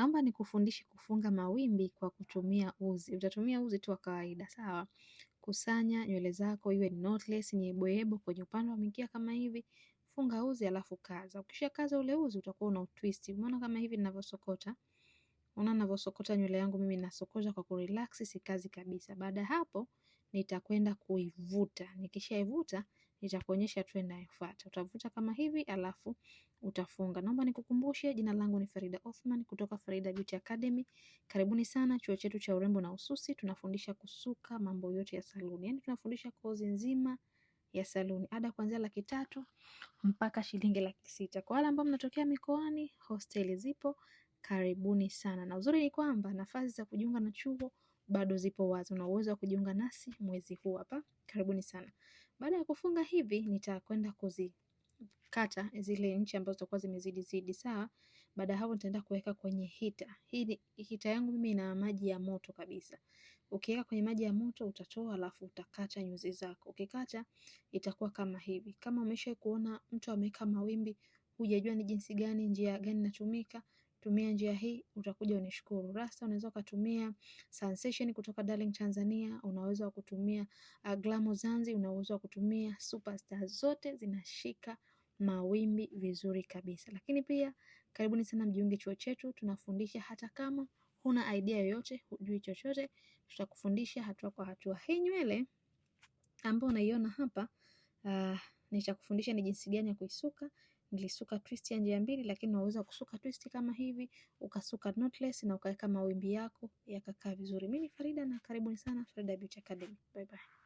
Naomba nikufundishe kufunga mawimbi kwa kutumia uzi. Utatumia uzi tu wa kawaida, sawa? Kusanya nywele zako iwe ni knotless, ni yeboyebo kwenye upande wa mikia kama hivi. Funga uzi alafu kaza. Ukisha kaza ule uzi utakuwa una twist. Umeona kama hivi ninavyosokota? Unaona ninavyosokota nywele yangu mimi nasokoza kwa kurelax, kazi kabisa. Baada ya hapo nitakwenda kuivuta. Nikishaivuta nitakuonyesha tu inayofuata. Utavuta kama hivi, alafu utafunga. Naomba nikukumbushe, jina langu ni Farida Othman kutoka Farida Beauty Academy. Karibuni sana chuo chetu cha urembo na ususi. Tunafundisha kusuka, mambo yote ya saluni, yani tunafundisha kozi nzima ya saluni, ada kuanzia laki tatu mpaka shilingi laki sita. Kwa wale ambao mnatokea mikoani, hosteli zipo, karibuni sana. Na uzuri ni kwamba nafasi za kujiunga na chuo bado zipo wazi, una uwezo wa kujiunga nasi mwezi huu hapa. Karibuni sana. Baada ya kufunga hivi nitakwenda kuzikata zile nchi ambazo zitakuwa zimezidi zidi, sawa. Baada hapo nitaenda kuweka kwenye hita. Hii hita yangu mimi ina maji ya moto kabisa. Ukiweka kwenye maji ya moto utatoa, alafu utakata nyuzi zako. Ukikata itakuwa kama hivi. Kama umeshakuona kuona mtu ameweka mawimbi, hujajua ni jinsi gani, njia gani inatumika Tumia njia hii utakuja unishukuru. Rasta unaweza ukatumia Sensation kutoka Darling Tanzania, unaweza kutumia uh, Glamo Zanzi, unaweza kutumia Superstar, zote zinashika mawimbi vizuri kabisa. Lakini pia karibuni sana mjiunge chuo chetu, tunafundisha hata kama huna idea yoyote, hujui chochote, tutakufundisha hatua kwa hatua. Hii nywele ambayo unaiona hapa uh, nitakufundisha ni jinsi gani ya kuisuka nilisuka twist ya njia mbili, lakini unaweza kusuka twist kama hivi, ukasuka knotless na ukaweka mawimbi yako yakakaa vizuri. Mimi ni Farida na karibuni sana Farida Beauty Academy. Bye bye.